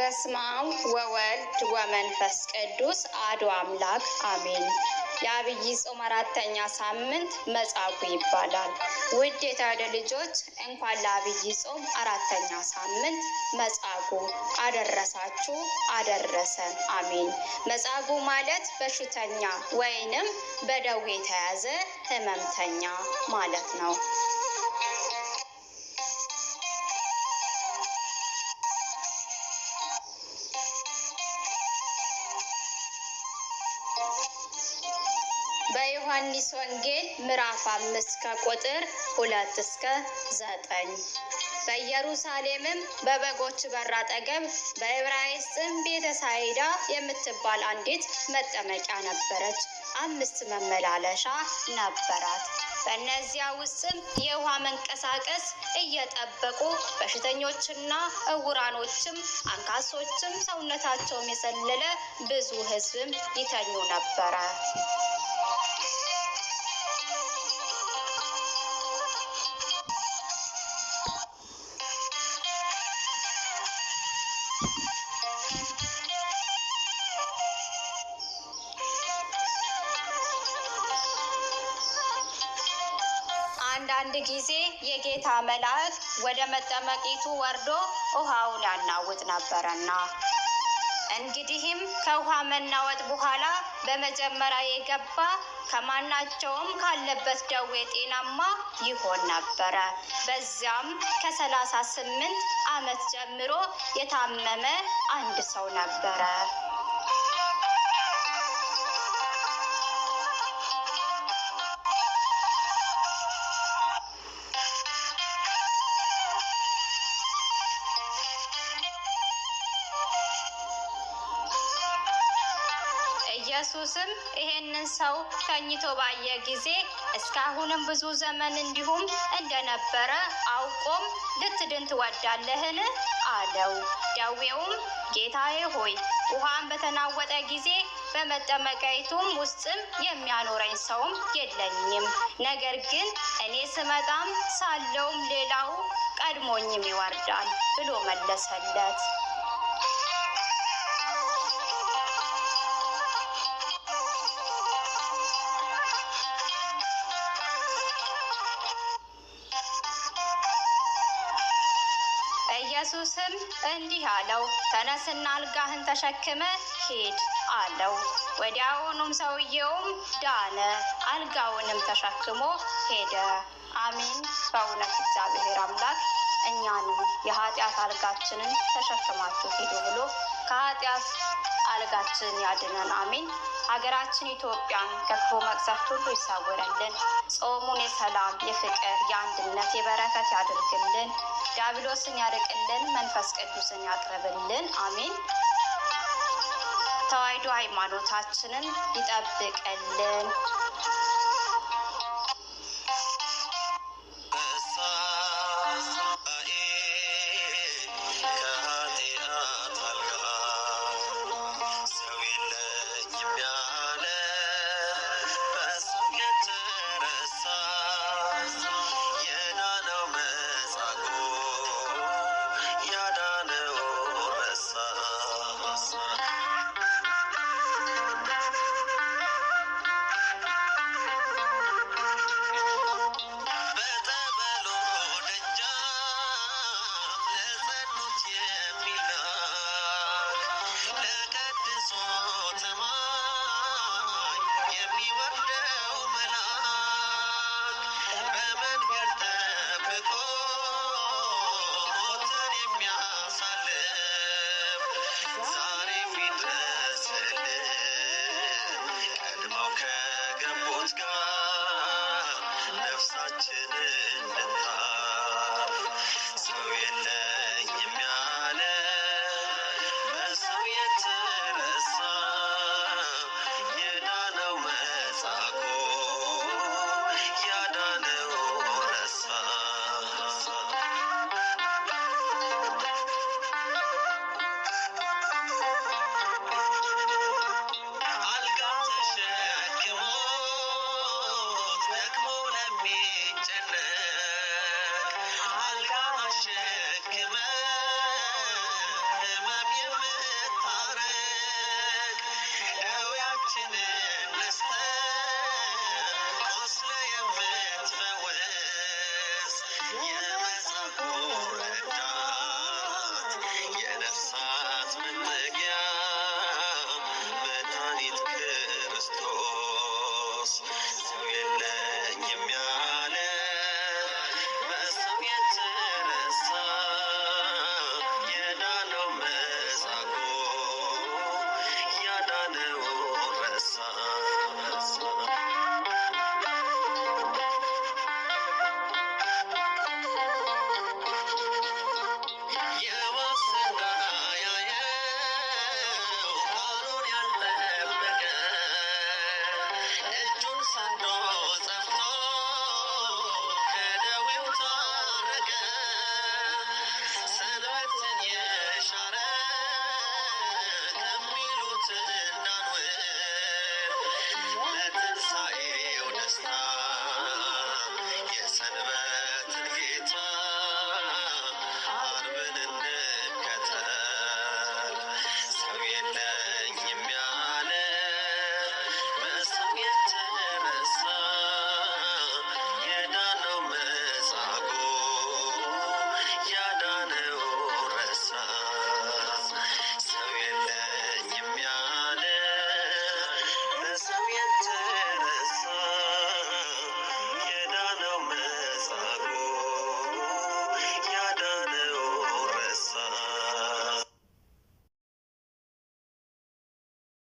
በስመ አብ ወወልድ ወመንፈስ ቅዱስ አሐዱ አምላክ አሜን። የአብይ ጾም አራተኛ ሳምንት መጻጉዕ ይባላል። ውድ የተዋሕዶ ልጆች እንኳን ለአብይ ጾም አራተኛ ሳምንት መጻጉዕ አደረሳችሁ አደረሰ አሜን። መጻጉዕ ማለት በሽተኛ ወይንም በደዌ የተያዘ ህመምተኛ ማለት ነው። በዮሐንስ ወንጌል ምዕራፍ አምስት ከቁጥር ሁለት እስከ ዘጠኝ በኢየሩሳሌምም በበጎች በር አጠገብ በዕብራይስጥም ቤተ ሳይዳ የምትባል አንዲት መጠመቂያ ነበረች። አምስት መመላለሻ ነበራት። በእነዚያ ውስጥም የውሃ መንቀሳቀስ እየጠበቁ በሽተኞችና እውራኖችም አንካሶችም ሰውነታቸውም የሰለለ ብዙ ሕዝብም ይተኙ ነበረ። አንዳንድ ጊዜ የጌታ መላእክት ወደ መጠመቂቱ ወርዶ ውሃውን ያናውጥ ነበረና እንግዲህም ከውሃ መናወጥ በኋላ በመጀመሪያ የገባ ከማናቸውም ካለበት ደዌ ጤናማ ይሆን ነበረ። በዚያም ከሰላሳ ስምንት ዓመት ጀምሮ የታመመ አንድ ሰው ነበረ። ኢየሱስም ይሄንን ሰው ተኝቶ ባየ ጊዜ እስካሁንም ብዙ ዘመን እንዲሁም እንደነበረ አውቆም ልትድን ትወዳለህን? አለው። ደዌውም ጌታዬ ሆይ ውሃን በተናወጠ ጊዜ በመጠመቀይቱም ውስጥም የሚያኖረኝ ሰውም የለኝም። ነገር ግን እኔ ስመጣም ሳለውም ሌላው ቀድሞኝም ይወርዳል ብሎ መለሰለት። ኢየሱስም እንዲህ አለው፣ ተነስና አልጋህን ተሸክመ ሂድ አለው። ወዲያውኑም ሰውየውም ዳነ፣ አልጋውንም ተሸክሞ ሄደ። አሜን። በእውነት እግዚአብሔር አምላክ እኛንም የኃጢአት አልጋችንን ተሸክማችሁ ሂዱ ብሎ ከኃጢአት ከአደጋችን ያድነን፣ አሜን። ሀገራችን ኢትዮጵያን ከክፉ መቅሰፍት ሁሉ ይሰውረልን። ጾሙን የሰላም የፍቅር የአንድነት የበረከት ያድርግልን። ዲያብሎስን ያርቅልን። መንፈስ ቅዱስን ያቅርብልን፣ አሜን። ተዋሕዶ ሃይማኖታችንን ይጠብቅልን። lost.